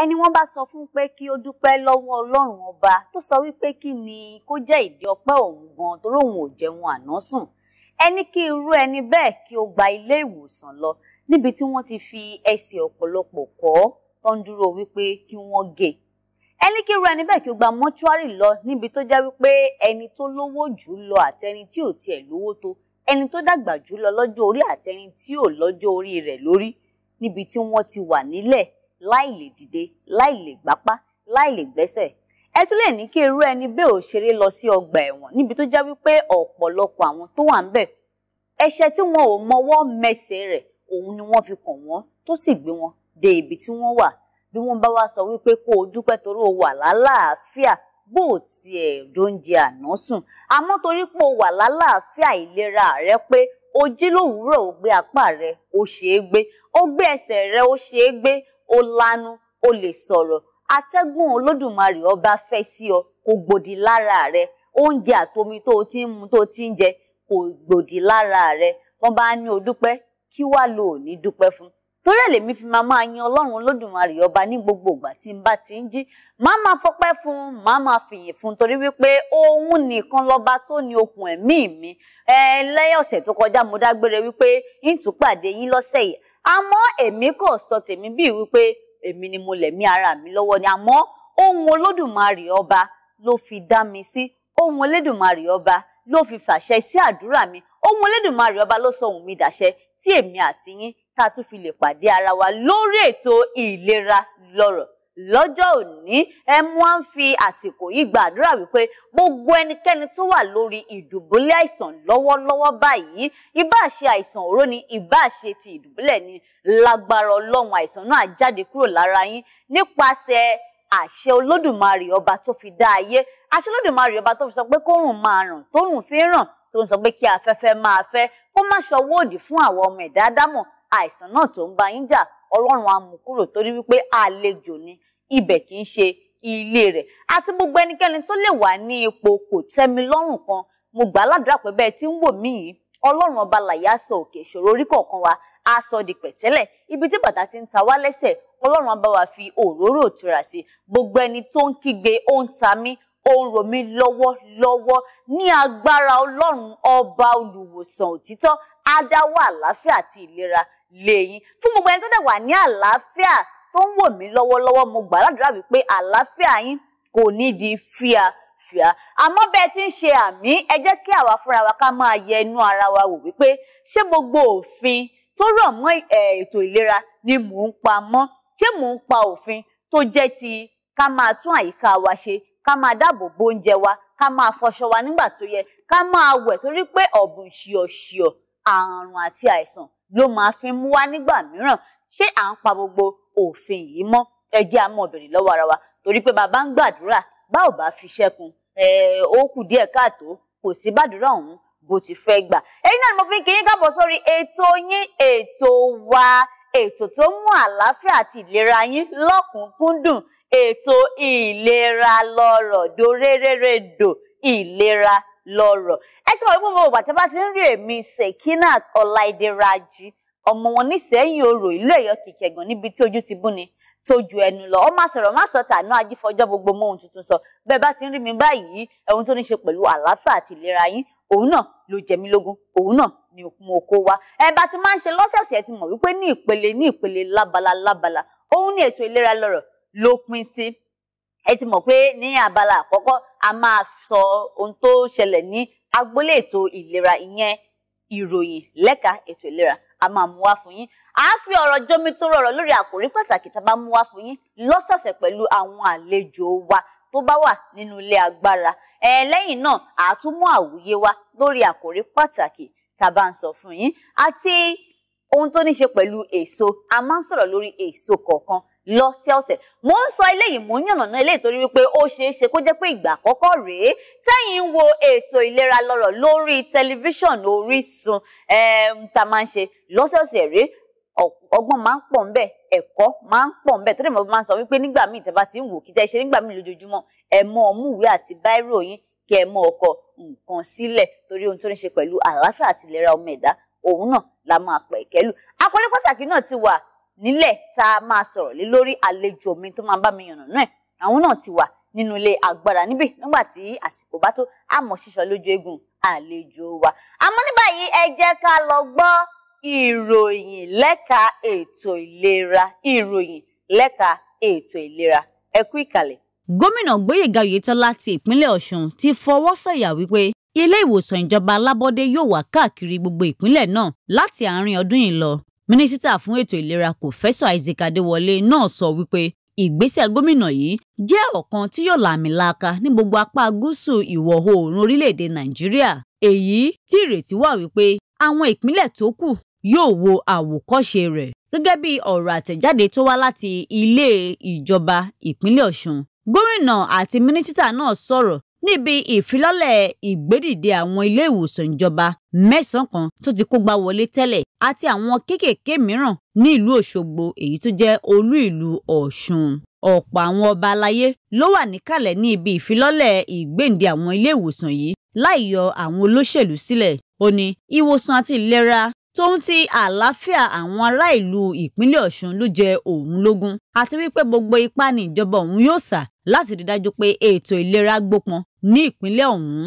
ẹni wọ́n bá sọ fún pé kí ó dúpẹ́ lọ́wọ́ Ọlọ́run ọba tó sọ wípé kí ni kó jẹ́ ìdí ọpẹ́ òun gan torí òun ò jẹun àná sùn ẹni kí irú ẹni bẹ́ẹ̀ kí ó gba ilé ìwòsàn lọ níbi tí wọ́n ti fi ẹsẹ̀ ọ̀pọ̀lọpọ̀ kọ́ tó ń dúró wípé kí wọ́n gé ẹni kí irú ẹni bẹ́ẹ̀ kí ó gba mọ́ṣúárì lọ níbi tó jẹ́ wípé ẹni tó lówó jù lọ àti ẹni tí ò tiẹ̀ lówó tó ẹni tó dàgbà jù lọ lọ́jọ́ orí àti ẹni tí ò lọ́jọ́ orí rẹ̀ lórí níbi tí wọ́n ti wà nílẹ̀ láì lè dìde láì lè gbápá láì lè gbẹ́sẹ̀ ẹ tún lè ní kí irú ẹni bẹ́ẹ̀ ò ṣeré lọ sí ọgbà ẹ̀wọ̀n níbi tó já wípé ọ̀pọ̀lọpọ̀ àwọn tó wà ń bẹ̀ ẹ̀ṣẹ̀ tí wọn ò mọwọ́ mẹsẹ̀ rẹ̀ òun ni wọ́n fi kàn wọ́n tó sì gbé wọn dé ibi tí wọ́n wà bí wọ́n bá wá sọ wípé kó o dúpẹ́ torí o wà lálàáfíà bó o tiẹ̀ dóúnjẹ àná sùn àmọ́ torí pé o wà lálàáfíà ìlera rẹ pé o jí lówùúrọ̀ o gbé apá rẹ o ṣeé gbé o gbé ẹsẹ̀ rẹ o ṣeé gbé ó lánú ó lè sọ̀rọ̀ atẹ́gùn olódùmarè ọba fẹ́ sí ọ kò gbòdì lára rẹ oúnjẹ àtomi tó o ti ń mu tó o ti ń jẹ kò gbòdì lára rẹ wọn bá ní o dúpẹ́ kí wá lo òní dúpẹ́ fún torí ẹ̀ lèmi fi máa máa yan ọlọ́run olódùmarè ọba ní gbogbo ìgbà tí n bá ti ń jí máa máa fọpẹ́ fún un máa máa fìyìn fún un torí wípé òun nìkan lọ́ba tó ní okùn ẹ̀mí mi lẹ́yìn ọ̀sẹ̀ tó kọjá mo dágbére wípé ń yín lọ́sẹ̀ yìí àmọ́ èmi kò sọ tèmi bíi wípé èmi ni mo lẹ̀mí ara mi lọ́wọ́ ni àmọ́ ohun olódùmarè ọba ló fi dá mi sí ohun olódùmarè ọba ló fi fàṣẹ sí àdúrà mi ohun olódùmarè ọba ló sọ ohun mi dàṣẹ tí èmi àti yín tá tún fi lè pàdé ara wa lórí ètò ìlera lọ́rọ̀ lọ́jọ́ òní ẹ mú à ń fi àsìkò yìí gba àdúrà wípé gbogbo ẹnikẹ́ni tó wà lórí ìdùbúlẹ̀ àìsàn lọ́wọ́lọ́wọ́ báyìí ìbáà ṣe àìsàn òró ni ìbáà ṣe ti ìdùbúlẹ̀ ni lágbára ọlọ́run àìsàn náà jáde kúrò lára yín nípasẹ̀ àṣẹ olódùmarè ọba tó fi dá ayé àṣẹ olódùmarè ọba tó fi sọ pé kórùn máa ràn tórùn fi ràn tó ń sọ pé kí afẹ́fẹ́ máa fẹ́ kó má ṣọwọ́ òdì fún àwọn ọmọ ẹ̀dá dámọ̀ àìsàn náà tó ń bá yín jà ọlọ́run á mú kúrò torí wípé àlejò ni ibẹ̀ kì í ṣe ilé rẹ̀ àti gbogbo ẹnikẹ́ni tó lè wà ní ipò kò tẹ́mi lọ́rùn kan mo gbà ládùúrà pé bẹ́ẹ̀ tí ń wò mí yìí ọlọ́run ọba làyà sọ òkè ìṣòro orí kọ̀ọ̀kan wa á sọ di pẹ̀tẹ́lẹ̀ ibi tí bàtà ti ń ta wá lẹ́sẹ̀ ọlọ́run ọba wa fi òróró òtura sí gbogbo ẹni tó ń kígbe ó ń ta mí ó ń rò mí lọ́wọ́lọ́wọ́ ní agbára ọlọ́run ọba olùwòsàn òtítọ́ á dáwọ́ àlàáfíà àti ìlera lé yín fún gbogbo ẹni tó dẹ̀ wà ní àlàáfíà tó ń wò mí lọ́wọ́lọ́wọ́ mo gbà wípé àlàáfíà yín kò ní di fíà fíà àmọ́ bẹ́ẹ̀ ti ń ṣe àmì ẹ jẹ́ kí àwa fúnra wa ká máa yẹ inú ara wa wò wípé ṣé gbogbo òfin tó rọ̀ mọ́ ètò ìlera ni mò ń pa mọ́ ṣé mò ń pa òfin tó jẹ́ ti ká máa tún àyíká wa ṣe ká máa dáàbò bo oúnjẹ wa ká máa fọṣọ wa nígbà tó yẹ ká máa wẹ̀ torí pé ọ̀bùn ṣìọ̀ṣìọ̀ àrùn àti àìsàn ló máa fi ń mú wá nígbà mìíràn ṣé à ń pa gbogbo òfin yìí mọ́ ẹ jẹ́ a mọ̀ bẹ̀rẹ̀ lọ́wọ́ ara wa torí pé bàbá ń gbàdúrà bá ò bá fi ṣẹ́kun ó kù díẹ̀ káàtó kò sí bàdúrà ọ̀hún bó ti fẹ́ gbà èyí náà ni mo fi ń kí yín káàbọ̀ sórí ètò yín ètò wa ètò tó mú àlàáfíà àti ìlera yín lọ́kùnkúndùn ètò ìlera lọ́rọ̀ dòrérèrèdò ìlera lọ́rọ̀ ẹ ti mọ̀ wípé mo wà tẹ́ bá ti ń rí èmi Sekinat Ọláìdé Rájí ọmọ wọn nísẹ̀yìn orò ìlú Ẹ̀yọ́ kìkẹ̀gàn níbi tí ojú ti bú ni tó ju ẹnu lọ ọ má sọ̀rọ̀ má sọ tànú ajífọjọ́ gbogbo mọ́hun tuntun sọ bẹ́ẹ̀ bá ti ń rí mi báyìí ohun tó ní ṣe pẹ̀lú àlàáfíà àti ìlera yín òun náà ló jẹ mí lógún òun náà ni mo kó wa ẹ bá ti máa ń ṣe lọ́sẹ̀ọ̀sẹ̀ ti mọ̀ wípé ní ìpele ní ìpele lábala lábala òun ní ètò ìlera lọ́rọ̀ ló pín sí ẹ ti mọ̀ pé ní abala àkọ́kọ́ a máa sọ ohun tó ṣẹlẹ̀ ní agboolé ètò ìlera ìyẹn ìròyìn lẹ́ka ètò ìlera a máa mú wá fún yín a fi ọ̀rọ̀ jomi tó rọrọ̀ lórí àkòrí pàtàkì tá a bá mú wá fún yín lọ́sọ̀ọ̀sẹ̀ pẹ̀lú àwọn àlejò wa tó bá wà nínú ilé agbára ẹ lẹ́yìn náà a tún mú àwòye wá lórí àkòrí pàtàkì tá a bá ń sọ fún yín àti ohun tó ní ṣe pẹ̀lú èso a máa ń sọ̀rọ̀ lórí èso kọ̀ọ̀kan lọ́sẹ̀ọ̀sẹ̀ mò ń sọ eléyìí mò ń yànnàná eléyìí torí wípé ó ṣeé ṣe kó jẹ́ pé ìgbà àkọ́kọ́ rèé tẹ́yìn ń wo ètò ìlera lọ́rọ̀ lórí tẹlifíṣàn Orísun ehm, tá a máa ń ṣe lọ́sẹ̀ọ̀sẹ̀ rèé ọgbọ́n máa ń pọ̀ ń bẹ̀ ẹ̀kọ́ máa ń pọ̀ ń bẹ̀ tẹ́lẹ̀ mọ́ máa ń sọ wípé nígbà míì tẹ́ ti ń wò kí tẹ́ ṣe nígbà míì lójoojúmọ́ ẹ mọ ọmúwé àti báírò yín kẹ́ ẹ mọ ọkọ nǹkan sílẹ̀ torí ohun tó ní ṣe pẹ̀lú àlàáfíà àti ìlera ọmọ ẹ̀dá òun náà la máa pẹ̀ kẹ́lù àkọlé pàtàkì náà ti wà nílẹ̀ tá a máa sọ̀rọ̀ lé lórí àlejò mi tó máa bá mi yànnà náà àwọn náà ti wà nínú ilé agbára níbí nígbà tí àsìkò bá tó àmọ́ ṣíṣọ lójú eégún àlejò wa àmọ́ ní báyìí ẹ jẹ́ ká lọ gbọ́ ìròyìn lẹ́ka ètò ìlera ìròyìn lẹ́ka ètò ìlera ẹ kú ìkàlẹ̀. gómìnà gbóyèga oyètọ́lá ti ìpínlẹ̀ ọ̀ṣun ti fọwọ́ sọ̀yà wípé ilé ìwòsàn ìjọba alábọ́dé yóò wà káàkiri gbogbo ìpínlẹ̀ náà láti àárín ọdún yìí lọ mínísítà fún ètò ìlera kòfẹ́sọ̀ isaac adéwọlé náà sọ wípé ìgbésẹ̀ gómìnà yìí jẹ́ ọ̀kan tí yóò làmìlaka ní gbogbo apá gúúsù ìwọ̀ oòrùn orílẹ̀-èdè nàìjíríà èyí tí ìrètí wà wípé àwọn ìpínlẹ̀ tó kù yóò wo àwòkọ́ṣe rẹ̀ gẹ́gẹ́ bí ọ̀rọ̀ àtẹ̀jáde tó wá láti ilé ìjọba ìpínlẹ̀ ọ̀ṣun gómìnà àti mínísítà náà sọ̀rọ̀ níbi ìfilọ́lẹ̀ ìgbédìde àwọn ilé ìwòsàn ìjọba mẹ́sàn-án kan tó ti kógbá wọlé tẹ́lẹ̀ àti àwọn kéékèèké mìíràn ní ìlú Òṣogbo èyí tó jẹ́ olú ìlú Ọ̀ṣun ọ̀pọ̀ àwọn ọba aláyé ló wà níkàlẹ̀ ní ibi ìfilọ́lẹ̀ ìgbéǹde àwọn ilé ìwòsàn yìí láì yọ àwọn olóṣèlú sílẹ̀ ó ní ìwòsàn àti ìlera tóun ti àlàáfíà àwọn ará ìlú ìpínlẹ̀ Ọ̀ṣun ló jẹ òun lógún àti wípé gbogbo ipá ni ìjọba òun yóò sà láti rí dájú pé ètò ìlera gbópọn ní ìpínlẹ̀ ọ̀hún.